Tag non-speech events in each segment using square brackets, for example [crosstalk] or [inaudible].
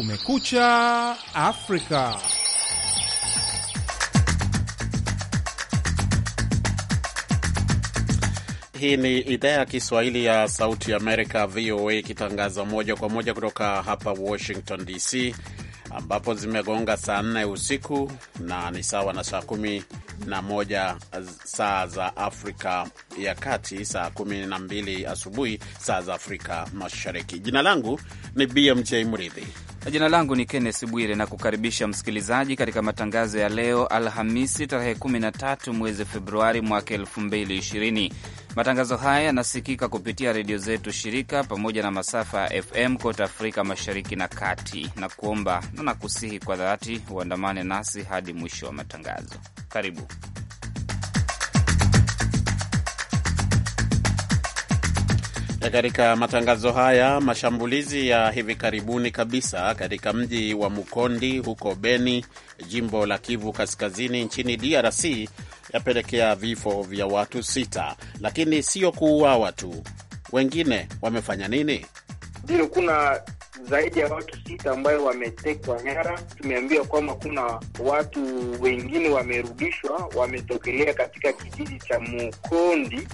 Kumekucha Afrika. Hii ni idhaa ya Kiswahili ya Sauti ya Amerika, VOA, ikitangaza moja kwa moja kutoka hapa Washington DC, ambapo zimegonga saa nne usiku na ni sawa na saa kumi na moja saa za Afrika ya Kati, saa kumi na mbili asubuhi saa za Afrika Mashariki. Jina langu ni BMJ Mridhi jina langu ni Kenneth Bwire na kukaribisha msikilizaji katika matangazo ya leo Alhamisi tarehe 13 mwezi Februari mwaka 2020. Matangazo haya yanasikika kupitia redio zetu shirika pamoja na masafa ya FM kote Afrika Mashariki na Kati, na kuomba na nakusihi kwa dhati uandamane nasi hadi mwisho wa matangazo. Karibu. Katika matangazo haya, mashambulizi ya hivi karibuni kabisa katika mji wa Mukondi huko Beni, jimbo la Kivu Kaskazini nchini DRC yapelekea vifo vya watu sita, lakini sio kuuawa tu. Wengine wamefanya nini? Ndio, kuna zaidi ya watu sita ambayo wametekwa nyara. Tumeambiwa kwamba kuna watu wengine wamerudishwa, wametokelea katika kijiji cha Mukondi.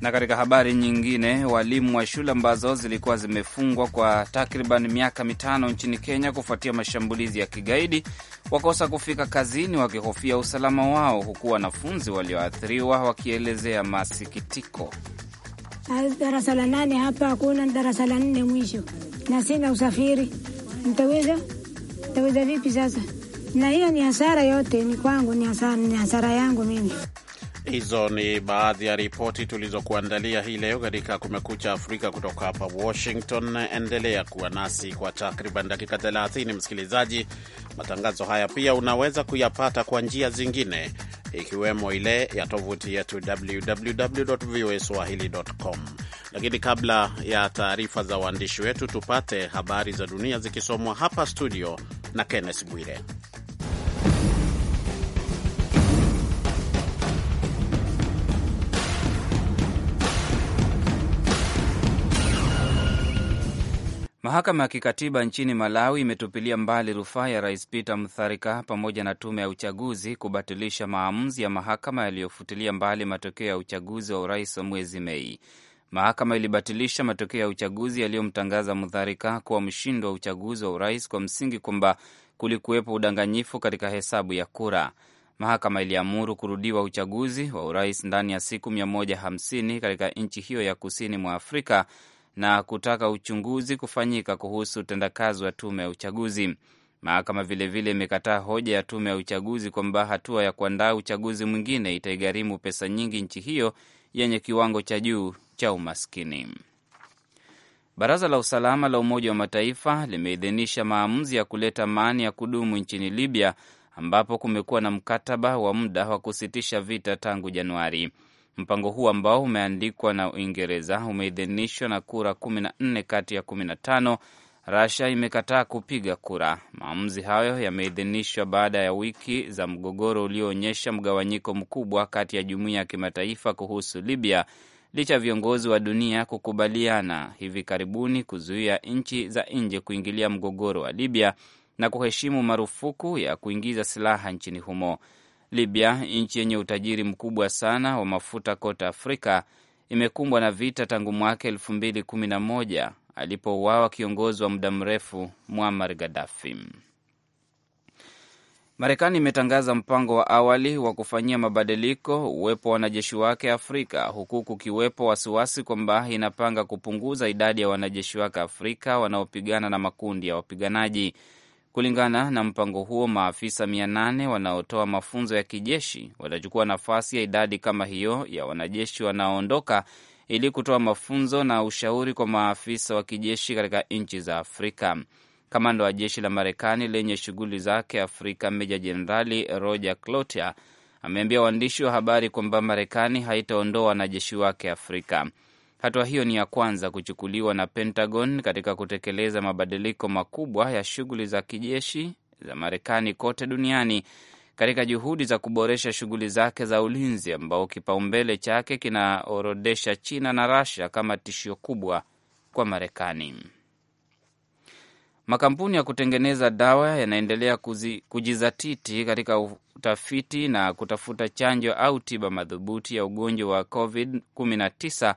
Na katika habari nyingine, walimu wa shule ambazo zilikuwa zimefungwa kwa takriban miaka mitano nchini Kenya kufuatia mashambulizi ya kigaidi wakosa kufika kazini wakihofia usalama wao, huku wanafunzi walioathiriwa wakielezea masikitiko. Ah, darasa la nane hapa hakuna, darasa la nne mwisho, na sina usafiri, ntaweza ntaweza vipi sasa? Na hiyo ni hasara yote, ni kwangu, ni hasara, ni hasara yangu mimi. Hizo ni baadhi ya ripoti tulizokuandalia hii leo katika Kumekucha Afrika kutoka hapa Washington. Endelea kuwa nasi kwa takriban dakika 30, msikilizaji. Matangazo haya pia unaweza kuyapata kwa njia zingine, ikiwemo ile ya tovuti yetu www voa swahili.com. Lakini kabla ya taarifa za waandishi wetu, tupate habari za dunia zikisomwa hapa studio na Kenneth Bwire. Mahakama ya kikatiba nchini Malawi imetupilia mbali rufaa ya rais Peter Mutharika pamoja na tume ya uchaguzi kubatilisha maamuzi ya mahakama yaliyofutilia mbali matokeo ya uchaguzi wa urais wa mwezi Mei. Mahakama ilibatilisha matokeo ya uchaguzi yaliyomtangaza Mutharika kuwa mshindi wa uchaguzi wa urais kwa msingi kwamba kulikuwepo udanganyifu katika hesabu ya kura. Mahakama iliamuru kurudiwa uchaguzi wa urais ndani ya siku 150 katika nchi hiyo ya kusini mwa Afrika na kutaka uchunguzi kufanyika kuhusu utendakazi wa tume ya uchaguzi. Mahakama vilevile imekataa hoja ya tume ya uchaguzi kwamba hatua ya kuandaa uchaguzi mwingine itaigharimu pesa nyingi nchi hiyo yenye kiwango cha juu cha umaskini. Baraza la usalama la Umoja wa Mataifa limeidhinisha maamuzi ya kuleta amani ya kudumu nchini Libya ambapo kumekuwa na mkataba wa muda wa kusitisha vita tangu Januari. Mpango huu ambao umeandikwa na Uingereza umeidhinishwa na kura kumi na nne kati ya kumi na tano. imekataa kupiga kura. Maamuzi hayo yameidhinishwa baada ya wiki za mgogoro ulioonyesha mgawanyiko mkubwa kati ya jumuiya ya kimataifa kuhusu Libya, licha ya viongozi wa dunia kukubaliana hivi karibuni kuzuia nchi za nje kuingilia mgogoro wa Libya na kuheshimu marufuku ya kuingiza silaha nchini humo. Libya, nchi yenye utajiri mkubwa sana wa mafuta kote Afrika, imekumbwa na vita tangu mwaka elfu mbili kumi na moja alipouawa kiongozi wa muda mrefu Muammar Gaddafi. Marekani imetangaza mpango wa awali wa kufanyia mabadiliko uwepo wa wanajeshi wake Afrika, huku kukiwepo wasiwasi kwamba inapanga kupunguza idadi ya wanajeshi wake Afrika wanaopigana na makundi ya wapiganaji. Kulingana na mpango huo, maafisa nane wanaotoa mafunzo ya kijeshi watachukua nafasi ya idadi kama hiyo ya wanajeshi wanaoondoka ili kutoa mafunzo na ushauri kwa maafisa wa kijeshi katika nchi za Afrika. Kamanda wa jeshi la Marekani lenye shughuli zake Afrika, Meja Jenerali Roger Cloutier ameambia waandishi wa habari kwamba Marekani haitaondoa wanajeshi wake Afrika. Hatua hiyo ni ya kwanza kuchukuliwa na Pentagon katika kutekeleza mabadiliko makubwa ya shughuli za kijeshi za Marekani kote duniani katika juhudi za kuboresha shughuli zake za ulinzi, ambao kipaumbele chake kinaorodesha China na Russia kama tishio kubwa kwa Marekani. Makampuni ya kutengeneza dawa yanaendelea kujizatiti katika utafiti na kutafuta chanjo au tiba madhubuti ya ugonjwa wa COVID-19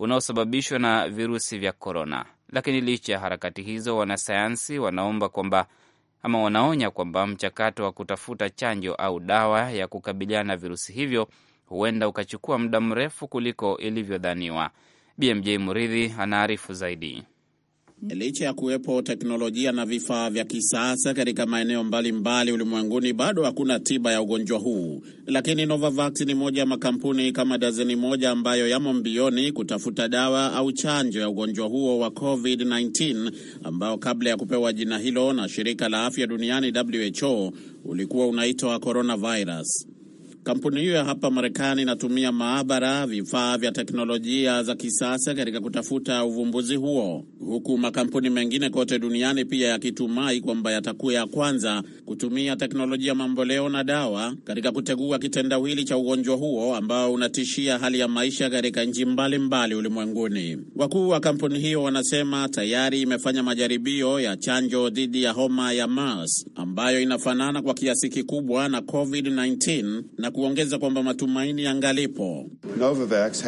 unaosababishwa na virusi vya korona. Lakini licha ya harakati hizo, wanasayansi wanaomba kwamba ama wanaonya kwamba mchakato wa kutafuta chanjo au dawa ya kukabiliana na virusi hivyo huenda ukachukua muda mrefu kuliko ilivyodhaniwa. BMJ Muridhi anaarifu zaidi. Mm-hmm. Licha ya kuwepo teknolojia na vifaa vya kisasa katika maeneo mbalimbali ulimwenguni, bado hakuna tiba ya ugonjwa huu, lakini Novavax ni moja ya makampuni kama dazeni moja ambayo yamo mbioni kutafuta dawa au chanjo ya ugonjwa huo wa COVID-19 ambao kabla ya kupewa jina hilo na shirika la afya duniani WHO ulikuwa unaitwa coronavirus. Kampuni hiyo ya hapa Marekani inatumia maabara, vifaa vya teknolojia za kisasa katika kutafuta uvumbuzi huo, huku makampuni mengine kote duniani pia yakitumai kwamba yatakuwa ya kwanza kutumia teknolojia mamboleo na dawa katika kutegua kitendawili cha ugonjwa huo ambao unatishia hali ya maisha katika nchi mbalimbali ulimwenguni. Wakuu wa kampuni hiyo wanasema tayari imefanya majaribio ya chanjo dhidi ya homa ya MERS ambayo inafanana kwa kiasi kikubwa na COVID-19 na na kuongeza kwamba matumaini yangalipo. Novavax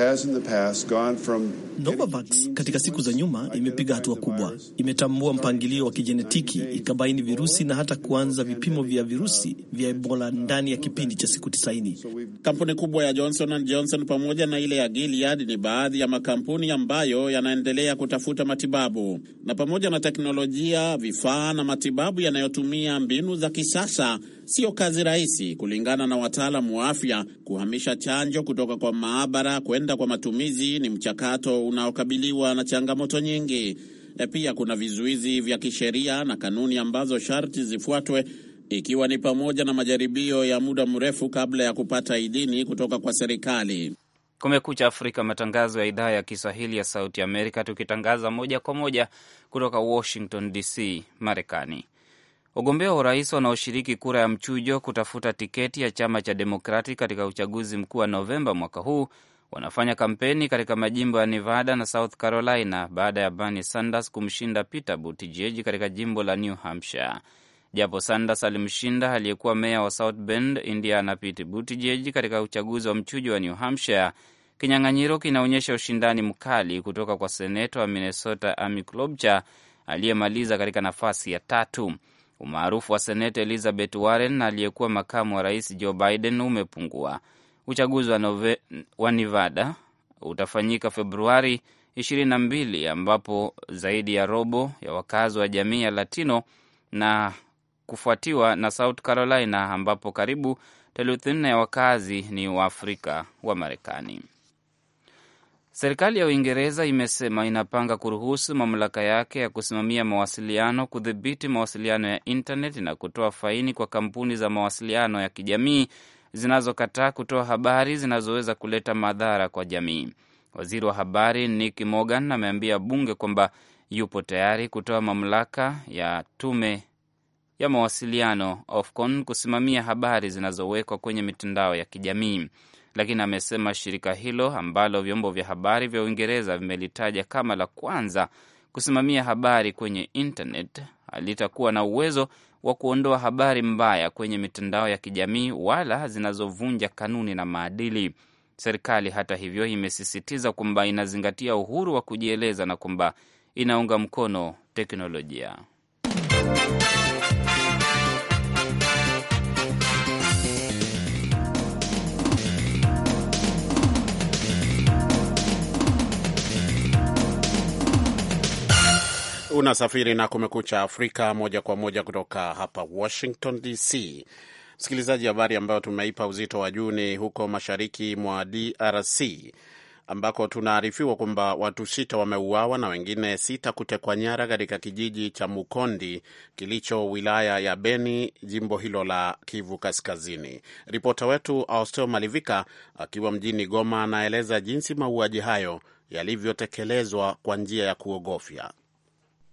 from... Novavax katika siku za nyuma imepiga hatua kubwa, imetambua mpangilio wa kijenetiki, ikabaini virusi na hata kuanza vipimo vya virusi vya Ebola uh, ndani ya kipindi cha siku 90. Kampuni kubwa ya Johnson and Johnson pamoja na ile ya Gilead ni baadhi ya makampuni ambayo yanaendelea kutafuta matibabu na pamoja na teknolojia, vifaa na matibabu yanayotumia mbinu za kisasa Sio kazi rahisi, kulingana na wataalamu wa afya. Kuhamisha chanjo kutoka kwa maabara kwenda kwa matumizi ni mchakato unaokabiliwa na changamoto nyingi. E, pia kuna vizuizi vya kisheria na kanuni ambazo sharti zifuatwe, ikiwa ni pamoja na majaribio ya muda mrefu kabla ya kupata idhini kutoka kwa serikali. Kumekucha Afrika, matangazo ya idhaa ya Kiswahili ya Sauti Amerika, tukitangaza moja kwa moja kutoka Washington DC, Marekani. Wagombea wa urais wanaoshiriki kura ya mchujo kutafuta tiketi ya chama cha Demokrati katika uchaguzi mkuu wa Novemba mwaka huu wanafanya kampeni katika majimbo ya Nevada na South Carolina baada ya Bernie Sanders kumshinda Peter Buttigieg katika jimbo la New Hampshire. Japo Sanders alimshinda aliyekuwa meya wa South Bend, Indiana, Pete Buttigieg katika uchaguzi wa mchujo wa New Hampshire, kinyang'anyiro kinaonyesha ushindani mkali kutoka kwa seneta wa Minnesota Amy Klobuchar aliyemaliza katika nafasi ya tatu. Umaarufu wa seneta Elizabeth Warren na aliyekuwa makamu wa rais Joe Biden umepungua. Uchaguzi wa, nove, wa Nevada utafanyika Februari 22 ambapo zaidi ya robo ya wakazi wa jamii ya Latino na kufuatiwa na South Carolina ambapo karibu theluthi nne ya wakazi ni Waafrika wa Marekani. Serikali ya Uingereza imesema inapanga kuruhusu mamlaka yake ya kusimamia mawasiliano kudhibiti mawasiliano ya intaneti na kutoa faini kwa kampuni za mawasiliano ya kijamii zinazokataa kutoa habari zinazoweza kuleta madhara kwa jamii. Waziri wa habari Nick Morgan ameambia bunge kwamba yupo tayari kutoa mamlaka ya tume ya mawasiliano Ofcon kusimamia habari zinazowekwa kwenye mitandao ya kijamii lakini amesema shirika hilo ambalo vyombo vya habari vya Uingereza vimelitaja kama la kwanza kusimamia habari kwenye internet halitakuwa na uwezo wa kuondoa habari mbaya kwenye mitandao ya kijamii wala zinazovunja kanuni na maadili. Serikali hata hivyo, imesisitiza kwamba inazingatia uhuru wa kujieleza na kwamba inaunga mkono teknolojia. Unasafiri na Kumekucha Afrika moja kwa moja kutoka hapa Washington DC. Msikilizaji, habari ambayo tumeipa uzito wa juu ni huko mashariki mwa DRC ambako tunaarifiwa kwamba watu sita wameuawa na wengine sita kutekwa nyara katika kijiji cha Mukondi kilicho wilaya ya Beni, jimbo hilo la Kivu Kaskazini. Ripota wetu Austel Malivika akiwa mjini Goma anaeleza jinsi mauaji hayo yalivyotekelezwa kwa njia ya kuogofya.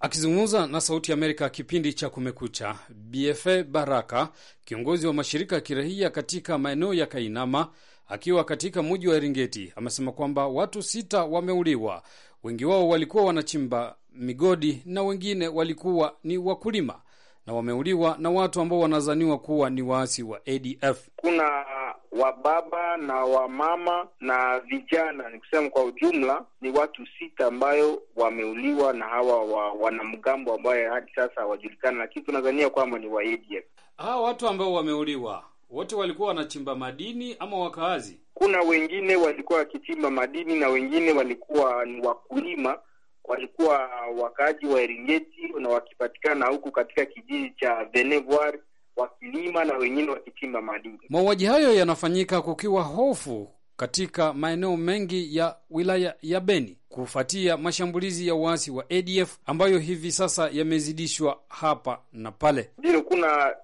Akizungumza na Sauti ya Amerika kipindi cha Kumekucha, BFA Baraka, kiongozi wa mashirika ya kirahia katika maeneo ya Kainama, akiwa katika muji wa Eringeti, amesema kwamba watu sita wameuliwa, wengi wao walikuwa wanachimba migodi na wengine walikuwa ni wakulima, na wameuliwa na watu ambao wanazaniwa kuwa ni waasi wa ADF. Kuna wa baba na wamama na vijana, ni kusema kwa ujumla ni watu sita ambayo wameuliwa na hawa wa, wanamgambo ambayo hadi sasa hawajulikana, lakini tunadhania kwamba ni wa ADF. Hawa watu ambao wameuliwa wote walikuwa wanachimba madini ama wakaazi? Kuna wengine walikuwa wakichimba madini na wengine walikuwa ni wakulima walikuwa wakaaji wa Eringeti na wakipatikana huku katika kijiji cha Venevoir wakilima na wengine wakichimba madini. Mauaji hayo yanafanyika kukiwa hofu katika maeneo mengi ya wilaya ya Beni kufuatia mashambulizi ya waasi wa ADF ambayo hivi sasa yamezidishwa hapa na pale. Ndio, kuna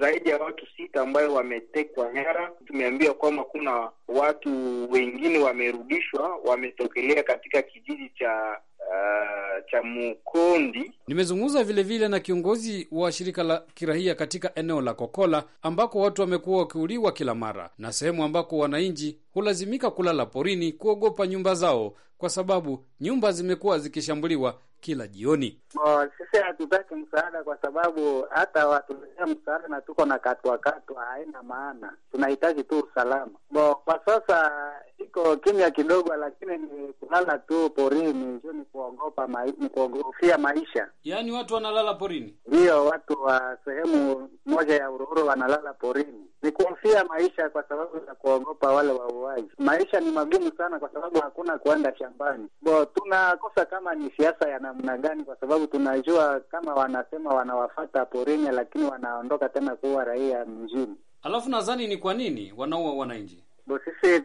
zaidi ya watu sita ambayo wametekwa nyara. Tumeambiwa kwamba kuna watu wengine wamerudishwa, wametokelea katika kijiji cha Ah, cha Mukondi. Nimezungumza vile vile na kiongozi wa shirika la kirahia katika eneo la Kokola ambako watu wamekuwa wakiuliwa kila mara na sehemu ambako wananchi hulazimika kulala porini kuogopa nyumba zao, kwa sababu nyumba zimekuwa zikishambuliwa kila jioni. O, sisi hatutaki msaada kwa sababu hata watuletea msaada na tuko na katwa katwa, haina maana. Tunahitaji tu usalama. Bo, kwa sasa iko kimya kidogo, lakini ni kulala tu porini, sio ni kuogopa ma, ni kuogofia maisha. Yaani watu wanalala porini? Ndiyo, watu wa sehemu moja ya uruhuru wanalala porini ni kuhofia maisha kwa sababu ya kuogopa wale wauaji. Maisha ni magumu sana, kwa sababu hakuna kuenda shambani. Bo, tunakosa kama ni siasa ya namna gani, kwa sababu tunajua kama wanasema wanawafata porini, lakini wanaondoka tena kuwa raia mjini. Alafu nadhani ni kwa nini wanaua wananchi? Bo, sisi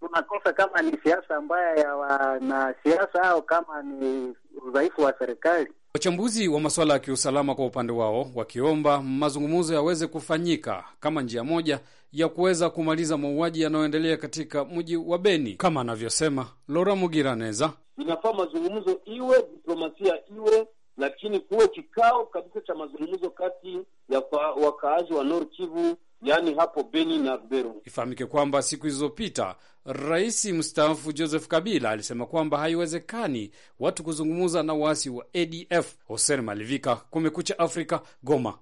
tunakosa kama ni siasa mbaya ya wanasiasa au kama ni udhaifu wa serikali. Wachambuzi wa masuala ya kiusalama kwa upande wao wakiomba mazungumzo yaweze kufanyika kama njia moja ya kuweza kumaliza mauaji yanayoendelea katika mji wa Beni, kama anavyosema Lora Mugiraneza. Inafaa mazungumzo iwe, diplomasia iwe lakini kuwe kikao kabisa cha mazungumzo kati ya wakaazi wa Nord Kivu, yaani hapo Beni na beru Ifahamike kwamba siku zilizopita rais mstaafu Joseph Kabila alisema kwamba haiwezekani watu kuzungumza na waasi wa ADF. Hosen Malivika, Kumekucha Afrika, Goma.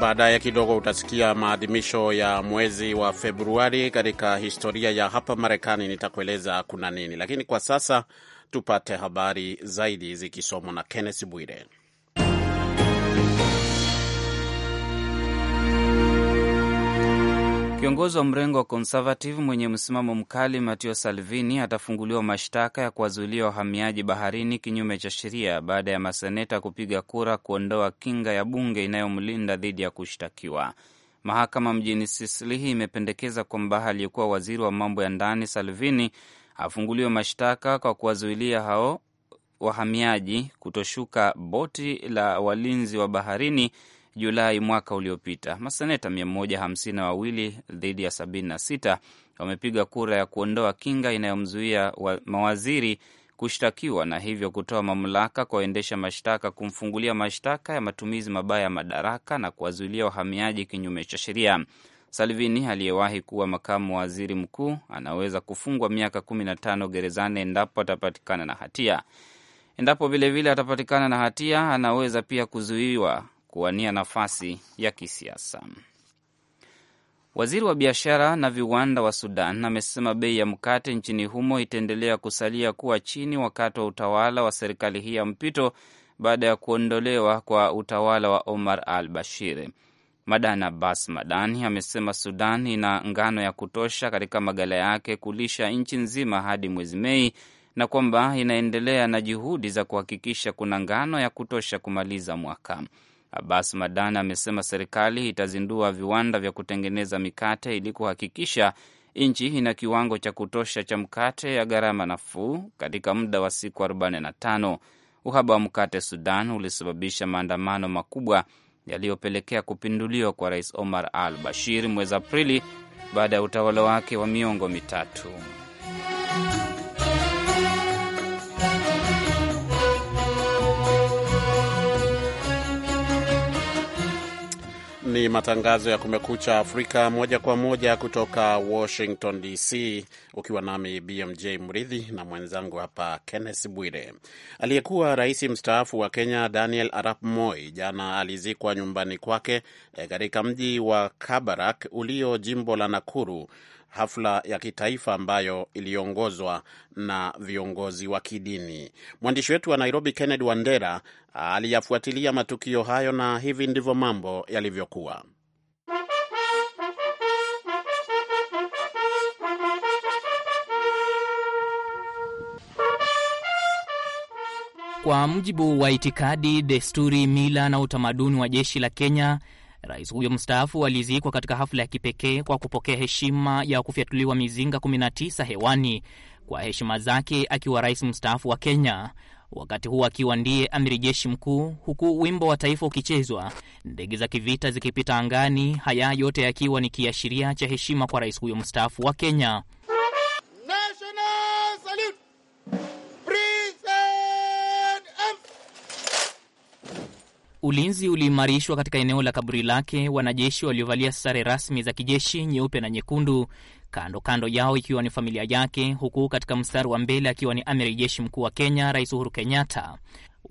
Baadaye kidogo utasikia maadhimisho ya mwezi wa Februari katika historia ya hapa Marekani. Nitakueleza kuna nini, lakini kwa sasa tupate habari zaidi zikisomwa na Kenneth Bwire. Kiongozi wa mrengo wa Conservative mwenye msimamo mkali Matteo Salvini atafunguliwa mashtaka ya kuwazuilia wahamiaji baharini kinyume cha sheria baada ya maseneta kupiga kura kuondoa kinga ya bunge inayomlinda dhidi ya kushtakiwa. Mahakama mjini Sislihi imependekeza kwamba aliyekuwa waziri wa mambo ya ndani Salvini afunguliwe mashtaka kwa kuwazuilia hao wahamiaji kutoshuka boti la walinzi wa baharini Julai mwaka uliopita. Maseneta 152 dhidi ya 76 wamepiga kura ya kuondoa kinga inayomzuia mawaziri kushtakiwa na hivyo kutoa mamlaka kwa waendesha mashtaka kumfungulia mashtaka ya matumizi mabaya ya madaraka na kuwazuilia wahamiaji kinyume cha sheria. Salvini aliyewahi kuwa makamu waziri mkuu anaweza kufungwa miaka 15 gerezani endapo atapatikana na hatia. Endapo vilevile atapatikana na hatia, anaweza pia kuzuiwa kuwania nafasi ya kisiasa. Waziri wa biashara na viwanda wa Sudan amesema bei ya mkate nchini humo itaendelea kusalia kuwa chini wakati wa utawala wa serikali hii ya mpito baada ya kuondolewa kwa utawala wa Omar al Bashir. Madan Abbas Madani amesema Sudan ina ngano ya kutosha katika magala yake kulisha nchi nzima hadi mwezi Mei na kwamba inaendelea na juhudi za kuhakikisha kuna ngano ya kutosha kumaliza mwaka. Abbas Madan amesema serikali itazindua viwanda vya kutengeneza mikate ili kuhakikisha nchi ina kiwango cha kutosha cha mkate ya gharama nafuu katika muda wa siku 45. Uhaba wa mkate Sudan ulisababisha maandamano makubwa yaliyopelekea kupinduliwa kwa Rais Omar al Bashir mwezi Aprili baada ya utawala wake wa miongo mitatu. ni matangazo ya Kumekucha Afrika moja kwa moja kutoka Washington DC, ukiwa nami BMJ Mridhi na mwenzangu hapa Kenneth Bwire. Aliyekuwa rais mstaafu wa Kenya Daniel Arap Moi jana alizikwa nyumbani kwake eh, katika mji wa Kabarak ulio jimbo la Nakuru hafla ya kitaifa ambayo iliongozwa na viongozi wa kidini. Mwandishi wetu wa Nairobi, Kennedy Wandera, aliyafuatilia matukio hayo na hivi ndivyo mambo yalivyokuwa. Kwa mujibu wa itikadi, desturi, mila na utamaduni wa jeshi la Kenya, Rais huyo mstaafu alizikwa katika hafla ya kipekee kwa kupokea heshima ya kufyatuliwa mizinga 19 hewani kwa heshima zake akiwa rais mstaafu wa Kenya, wakati huo akiwa ndiye amiri jeshi mkuu, huku wimbo wa taifa ukichezwa, ndege za kivita zikipita angani, haya yote yakiwa ni kiashiria cha heshima kwa rais huyo mstaafu wa Kenya. Ulinzi uliimarishwa katika eneo la kaburi lake, wanajeshi waliovalia sare rasmi za kijeshi nyeupe na nyekundu, kando kando yao ikiwa ni familia yake, huku katika mstari wa mbele akiwa ni amiri jeshi mkuu wa Kenya, Rais Uhuru Kenyatta.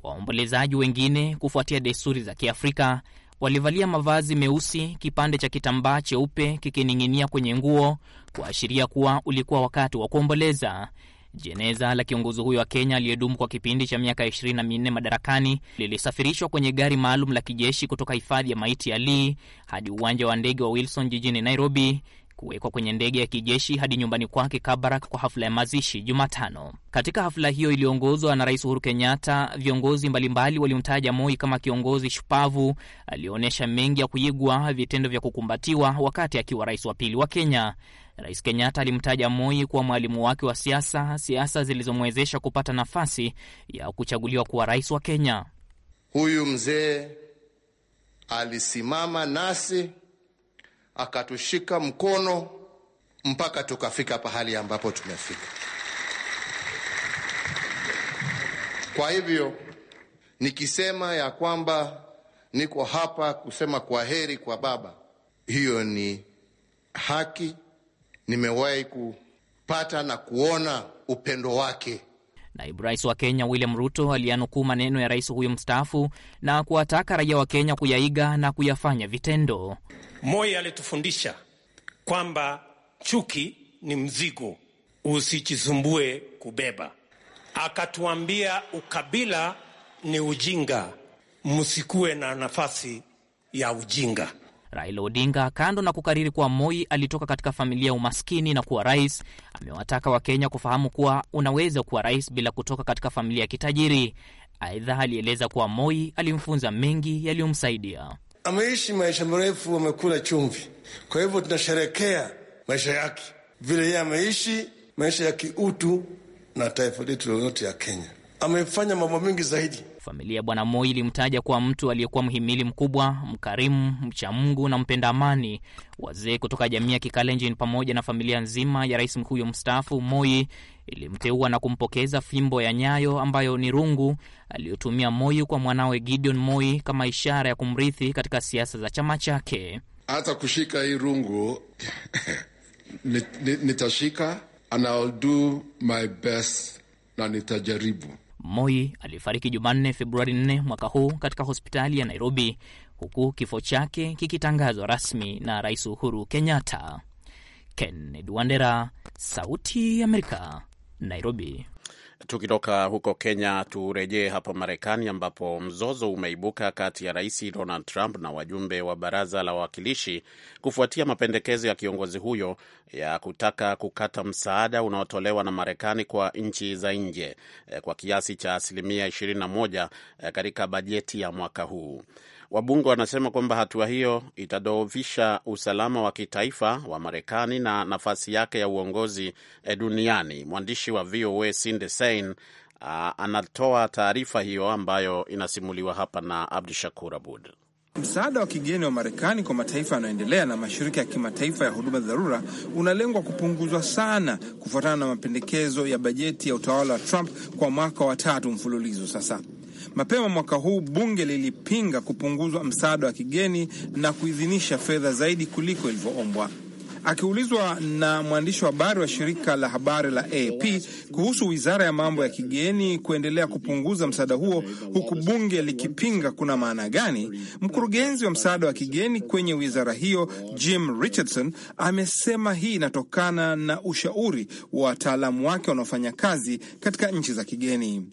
Waombolezaji wengine, kufuatia desturi za Kiafrika, walivalia mavazi meusi, kipande cha kitambaa cheupe kikining'inia kwenye nguo kuashiria kuwa ulikuwa wakati wa kuomboleza. Jeneza la kiongozi huyo wa Kenya aliyedumu kwa kipindi cha miaka ishirini na minne madarakani lilisafirishwa kwenye gari maalum la kijeshi kutoka hifadhi ya maiti ya Lee hadi uwanja wa ndege wa Wilson jijini Nairobi, kuwekwa kwenye ndege ya kijeshi hadi nyumbani kwake Kabarak kwa hafla ya mazishi Jumatano. Katika hafla hiyo iliyoongozwa na Rais Uhuru Kenyatta, viongozi mbalimbali walimtaja Moi kama kiongozi shupavu aliyeonyesha mengi ya kuigwa, vitendo vya kukumbatiwa wakati akiwa rais wa pili wa Kenya. Rais Kenyatta alimtaja Moi kuwa mwalimu wake wa siasa, siasa zilizomwezesha kupata nafasi ya kuchaguliwa kuwa rais wa Kenya. Huyu mzee alisimama nasi akatushika mkono mpaka tukafika pahali ambapo tumefika. Kwa hivyo nikisema ya kwamba niko hapa kusema kwa heri kwa baba, hiyo ni haki nimewahi kupata na kuona upendo wake. Naibu rais wa Kenya William Ruto aliyanukuu maneno ya rais huyo mstaafu na kuwataka raia wa Kenya kuyaiga na kuyafanya vitendo. Moi alitufundisha kwamba chuki ni mzigo, usijisumbue kubeba. Akatuambia ukabila ni ujinga, msikuwe na nafasi ya ujinga. Raila Odinga, kando na kukariri kuwa Moi alitoka katika familia ya umaskini na kuwa rais, amewataka Wakenya kufahamu kuwa unaweza kuwa rais bila kutoka katika familia ya kitajiri. Aidha, alieleza kuwa Moi alimfunza mengi yaliyomsaidia. Ameishi maisha mrefu, amekula chumvi, kwa hivyo tunasherekea maisha yake vile yeye ameishi maisha ya kiutu na taifa letu lolote ya Kenya. Amefanya mambo mengi zaidi Familia ya Bwana Moi ilimtaja kuwa mtu aliyekuwa mhimili mkubwa, mkarimu, mchamungu na mpenda amani. Wazee kutoka jamii ya Kikalenjin pamoja na familia nzima ya rais huyo mstaafu Moi ilimteua na kumpokeza fimbo ya nyayo ambayo ni rungu aliyotumia Moi kwa mwanawe Gideon Moi kama ishara ya kumrithi katika siasa za chama chake. Hata kushika hii rungu [laughs] nitashika and I'll do my best na nitajaribu Moi alifariki Jumanne, Februari 4 mwaka huu katika hospitali ya Nairobi, huku kifo chake kikitangazwa rasmi na Rais Uhuru Kenyatta. Kennedy Wandera, Sauti ya Amerika, Nairobi. Tukitoka huko Kenya, turejee hapa Marekani ambapo mzozo umeibuka kati ya Rais Donald Trump na wajumbe wa baraza la wawakilishi kufuatia mapendekezo ya kiongozi huyo ya kutaka kukata msaada unaotolewa na Marekani kwa nchi za nje eh, kwa kiasi cha asilimia 21 eh, katika bajeti ya mwaka huu. Wabunge wanasema kwamba hatua hiyo itadhoofisha usalama wa kitaifa wa Marekani na nafasi yake ya uongozi eh, duniani. Mwandishi wa VOA Sinde Sein ah, anatoa taarifa hiyo ambayo inasimuliwa hapa na Abdu Shakur Abud. Msaada wa kigeni wa Marekani kwa mataifa yanayoendelea na mashirika ya kimataifa ya huduma dharura unalengwa kupunguzwa sana kufuatana na mapendekezo ya bajeti ya utawala wa Trump kwa mwaka wa tatu mfululizo sasa. Mapema mwaka huu bunge lilipinga kupunguzwa msaada wa kigeni na kuidhinisha fedha zaidi kuliko ilivyoombwa. Akiulizwa na mwandishi wa habari wa shirika la habari la AP kuhusu wizara ya mambo ya kigeni kuendelea kupunguza msaada huo huku bunge likipinga, kuna maana gani, mkurugenzi wa msaada wa kigeni kwenye wizara hiyo Jim Richardson amesema hii inatokana na ushauri wa wataalamu wake wanaofanya kazi katika nchi za kigeni.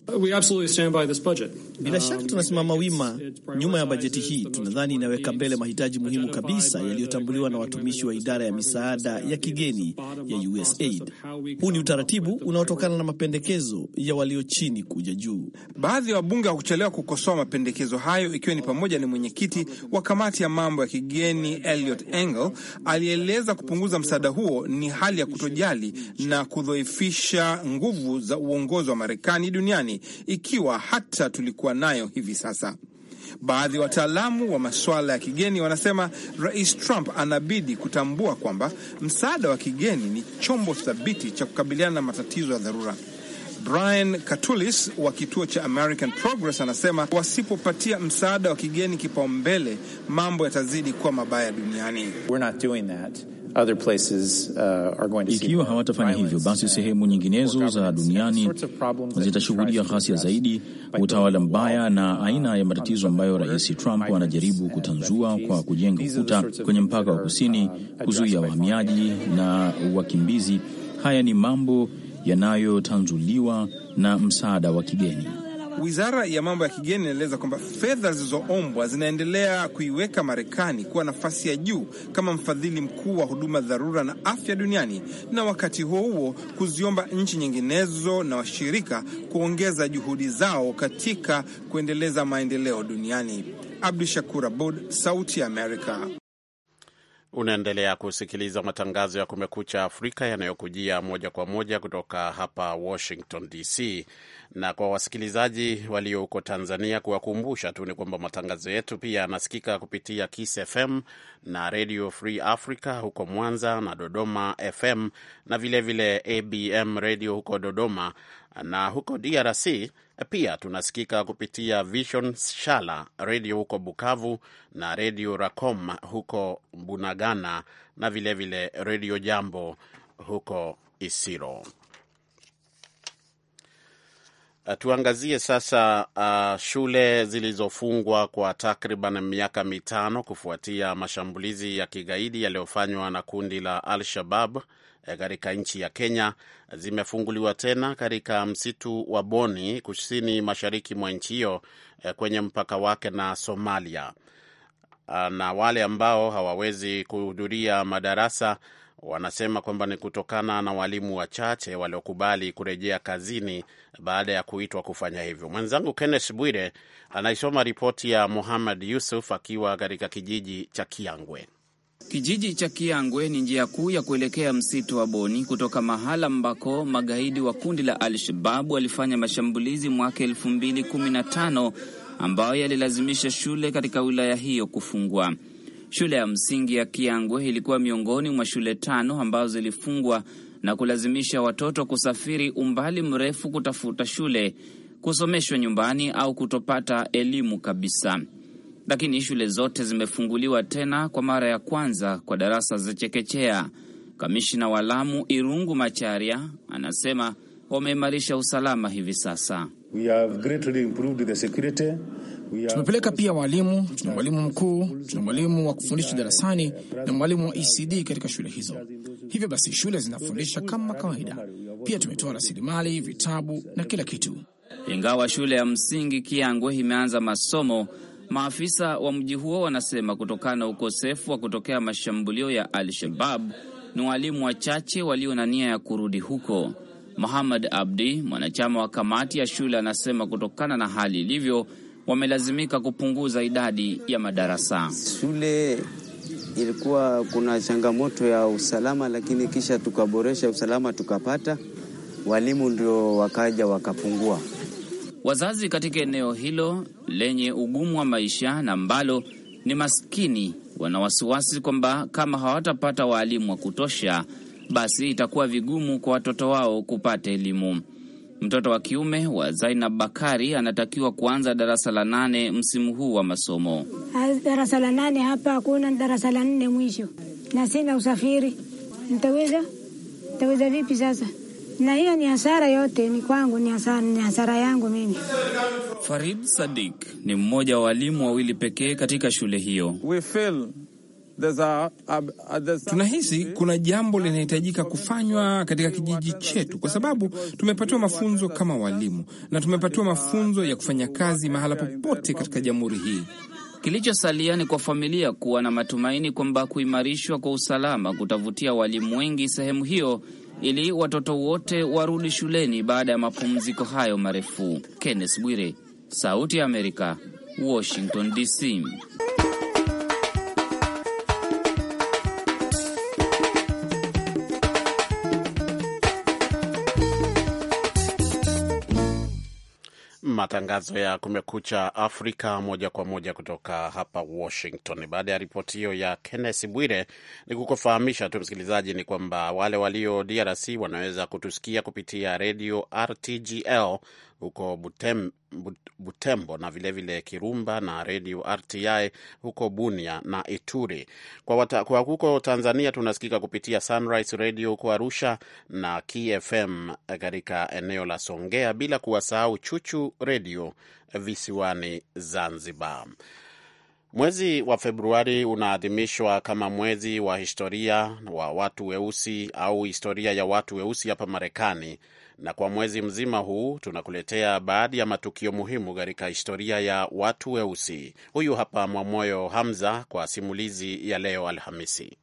Bila shaka um, tunasimama wima nyuma ya bajeti hii, tunadhani inaweka mbele mahitaji muhimu kabisa yaliyotambuliwa na watumishi wa idara ya misa misaada ya kigeni ya USAID. Huu ni utaratibu unaotokana na mapendekezo ya walio chini kuja juu. Baadhi ya wabunge kuchelewa kukosoa mapendekezo hayo, ikiwa ni pamoja na mwenyekiti wa kamati ya mambo ya kigeni Eliot Engel alieleza kupunguza msaada huo ni hali ya kutojali na kudhoifisha nguvu za uongozi wa Marekani duniani, ikiwa hata tulikuwa nayo hivi sasa. Baadhi ya wataalamu wa masuala ya kigeni wanasema Rais Trump anabidi kutambua kwamba msaada wa kigeni ni chombo thabiti cha kukabiliana na matatizo ya dharura. Brian Katulis wa kituo cha American Progress anasema wasipopatia msaada wa kigeni kipaumbele, mambo yatazidi kuwa mabaya duniani. We're not doing that. Uh, Ikiwa hawatafanya hivyo, basi sehemu nyinginezo za duniani zitashuhudia ghasia zaidi, utawala mbaya na uh, aina ya matatizo ambayo Rais Trump anajaribu kutanzua kwa kujenga ukuta kwenye mpaka wa kusini, uh, kuzuia wahamiaji na wakimbizi. Haya ni mambo yanayotanzuliwa na msaada wa kigeni. Wizara ya mambo ya kigeni inaeleza kwamba fedha zilizoombwa zinaendelea kuiweka Marekani kuwa nafasi ya juu kama mfadhili mkuu wa huduma dharura na afya duniani, na wakati huo huo kuziomba nchi nyinginezo na washirika kuongeza juhudi zao katika kuendeleza maendeleo duniani. Abdu Shakur Abud, Sauti ya Amerika. Unaendelea kusikiliza matangazo ya Kumekucha Afrika yanayokujia moja kwa moja kutoka hapa Washington DC. Na kwa wasikilizaji walio huko Tanzania, kuwakumbusha tu ni kwamba matangazo yetu pia yanasikika kupitia Kiss FM na Radio Free Africa huko Mwanza na Dodoma FM, na vilevile vile ABM Radio huko Dodoma na huko DRC pia tunasikika kupitia Vision Shala redio huko Bukavu na redio Racom huko Bunagana na vilevile redio Jambo huko Isiro. Uh, tuangazie sasa uh, shule zilizofungwa kwa takriban miaka mitano kufuatia mashambulizi ya kigaidi yaliyofanywa na kundi la Al Shabab Eh, katika nchi ya Kenya zimefunguliwa tena katika msitu wa Boni kusini mashariki mwa nchi hiyo eh, kwenye mpaka wake na Somalia. Ah, na wale ambao hawawezi kuhudhuria madarasa wanasema kwamba ni kutokana na walimu wachache waliokubali kurejea kazini baada ya kuitwa kufanya hivyo. Mwenzangu Kenneth Bwire anaisoma ripoti ya Muhammad Yusuf akiwa katika kijiji cha Kiangwe. Kijiji cha Kiangwe ni njia kuu ya kuelekea msitu wa Boni kutoka mahala ambako magaidi wa kundi la Al-Shababu walifanya mashambulizi mwaka elfu mbili kumi na tano ambayo yalilazimisha shule katika wilaya hiyo kufungwa. Shule ya msingi ya Kiangwe ilikuwa miongoni mwa shule tano ambazo zilifungwa na kulazimisha watoto kusafiri umbali mrefu kutafuta shule, kusomeshwa nyumbani au kutopata elimu kabisa lakini shule zote zimefunguliwa tena kwa mara ya kwanza kwa darasa za chekechea. Kamishina wa Lamu Irungu Macharia anasema wameimarisha usalama hivi sasa. Tumepeleka pia walimu, tuna mwalimu mkuu, tuna mwalimu wa kufundisha darasani na mwalimu wa ECD katika shule hizo. Hivyo basi shule zinafundisha kama kawaida. Pia tumetoa rasilimali, vitabu na kila kitu. Ingawa shule ya msingi Kiangwe imeanza masomo Maafisa wa mji huo wanasema kutokana na ukosefu wa kutokea mashambulio ya Al-Shabab ni walimu wachache walio na nia ya kurudi huko. Muhammad Abdi, mwanachama wa kamati ya shule, anasema kutokana na hali ilivyo, wamelazimika kupunguza idadi ya madarasa. Shule ilikuwa kuna changamoto ya usalama, lakini kisha tukaboresha usalama, tukapata walimu ndio wakaja wakapungua. Wazazi katika eneo hilo lenye ugumu wa maisha na ambalo ni maskini wana wasiwasi kwamba kama hawatapata waalimu wa kutosha, basi itakuwa vigumu kwa watoto wao kupata elimu. Mtoto wa kiume wa Zainab Bakari anatakiwa kuanza darasa la nane msimu huu wa masomo. Darasa la nane hapa hakuna, darasa la nne mwisho, na sina usafiri. Ntaweza ntaweza vipi sasa? na hiyo ni hasara yote, ni kwangu, ni hasara, ni hasara yangu mimi. Farid Sadik ni mmoja wa walimu wawili pekee katika shule hiyo. We feel a, a, tunahisi kuna jambo linahitajika kufanywa katika kijiji chetu, kwa sababu tumepatiwa mafunzo kama walimu na tumepatiwa mafunzo ya kufanya kazi mahala popote katika jamhuri hii. Kilichosalia ni kwa familia kuwa na matumaini kwamba kuimarishwa kwa usalama kutavutia walimu wengi sehemu hiyo ili watoto wote warudi shuleni baada ya mapumziko hayo marefu. Kenneth Bwire, Sauti ya Amerika, Washington DC. matangazo ya Kumekucha Afrika moja kwa moja kutoka hapa Washington. Baada ya ripoti hiyo ya kennes Bwire, ni kukufahamisha tu msikilizaji ni kwamba wale walio DRC wanaweza kutusikia kupitia redio RTGL huko Butem, Butembo na vilevile vile Kirumba na redio RTI huko Bunia na Ituri. Kwa, wata, kwa huko Tanzania tunasikika kupitia Sunrise Radio huko Arusha na KFM katika eneo la Songea, bila kuwasahau Chuchu Redio visiwani Zanzibar. Mwezi wa Februari unaadhimishwa kama mwezi wa historia wa watu weusi au historia ya watu weusi hapa Marekani na kwa mwezi mzima huu tunakuletea baadhi ya matukio muhimu katika historia ya watu weusi. Huyu hapa Mwamoyo Hamza kwa simulizi ya leo Alhamisi.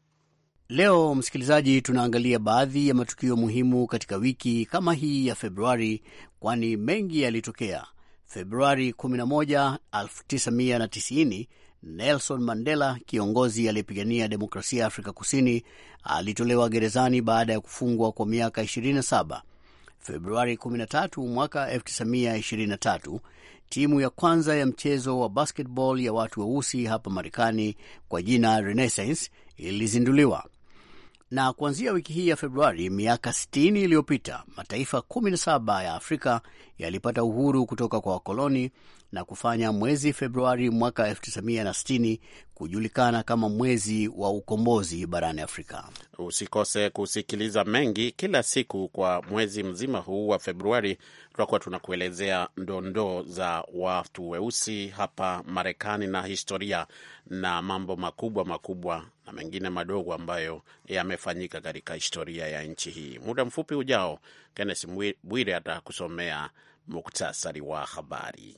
Leo msikilizaji, tunaangalia baadhi ya matukio muhimu katika wiki kama hii ya Februari, kwani mengi yalitokea. Februari 11, 1990 Nelson Mandela, kiongozi aliyepigania demokrasia ya Afrika Kusini, alitolewa gerezani baada ya kufungwa kwa miaka 27 Februari 13 mwaka 1923, timu ya kwanza ya mchezo wa basketball ya watu weusi wa hapa Marekani kwa jina Renaissance ilizinduliwa. Na kuanzia wiki hii ya Februari, miaka 60 iliyopita, mataifa 17 ya Afrika yalipata uhuru kutoka kwa wakoloni na kufanya mwezi Februari mwaka 1960 kujulikana kama mwezi wa ukombozi barani Afrika. Usikose kusikiliza mengi kila siku kwa mwezi mzima huu wa Februari. Tutakuwa tunakuelezea ndondoo za watu weusi hapa Marekani na historia na mambo makubwa makubwa na mengine madogo ambayo yamefanyika katika historia ya nchi hii. Muda mfupi ujao, Kenneth Bwire atakusomea muktasari wa habari.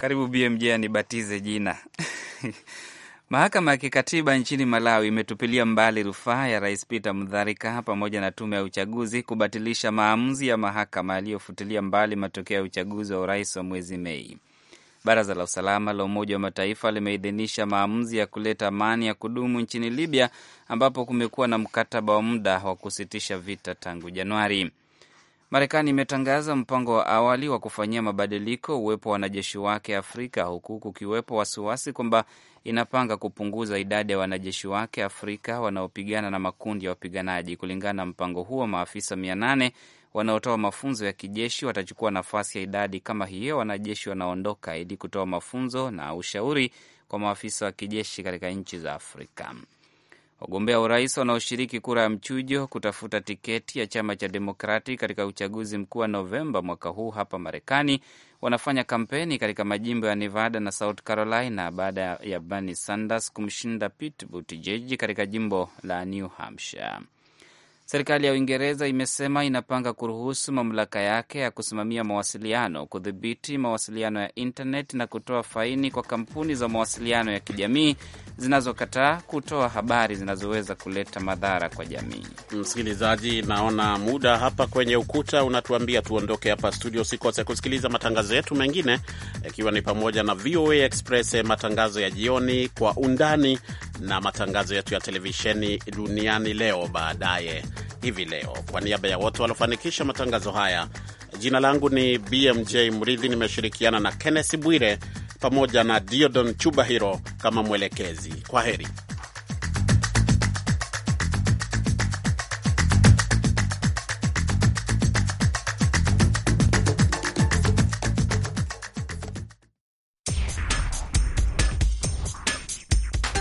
Karibu BMJ, anibatize jina [laughs] Mahakama ya kikatiba nchini Malawi imetupilia mbali rufaa ya rais Peter Mutharika pamoja na tume ya uchaguzi kubatilisha maamuzi ya mahakama yaliyofutilia mbali matokeo ya uchaguzi wa urais wa mwezi Mei. Baraza la Usalama la Umoja wa Mataifa limeidhinisha maamuzi ya kuleta amani ya kudumu nchini Libya, ambapo kumekuwa na mkataba wa muda wa kusitisha vita tangu Januari. Marekani imetangaza mpango wa awali wa kufanyia mabadiliko uwepo wa wanajeshi wake Afrika, huku kukiwepo wasiwasi kwamba inapanga kupunguza idadi ya wanajeshi wake Afrika wanaopigana na makundi ya wapiganaji. Kulingana na mpango huo, maafisa mia nane wanaotoa mafunzo ya kijeshi watachukua nafasi ya idadi kama hiyo wanajeshi wanaondoka ili kutoa mafunzo na ushauri kwa maafisa wa kijeshi katika nchi za Afrika. Wagombea wa urais wanaoshiriki kura ya mchujo kutafuta tiketi ya chama cha Demokrati katika uchaguzi mkuu wa Novemba mwaka huu hapa Marekani wanafanya kampeni katika majimbo ya Nevada na South Carolina baada ya Bernie Sanders kumshinda Pete Buttigieg katika jimbo la New Hampshire. Serikali ya Uingereza imesema inapanga kuruhusu mamlaka yake ya kusimamia mawasiliano kudhibiti mawasiliano ya intnet na kutoa faini kwa kampuni za mawasiliano ya kijamii zinazokataa kutoa habari zinazoweza kuleta madhara kwa jamii. Msikilizaji, naona muda hapa kwenye ukuta unatuambia tuondoke hapa studio. Usikose kusikiliza matangazo yetu mengine, ikiwa ni pamoja na VOA Express, matangazo ya jioni, kwa undani na matangazo yetu ya televisheni duniani leo baadaye hivi leo. Kwa niaba ya wote waliofanikisha matangazo haya, jina langu ni BMJ Mridhi, nimeshirikiana na kennes Bwire pamoja na Diodon Chubahiro kama mwelekezi. Kwa heri.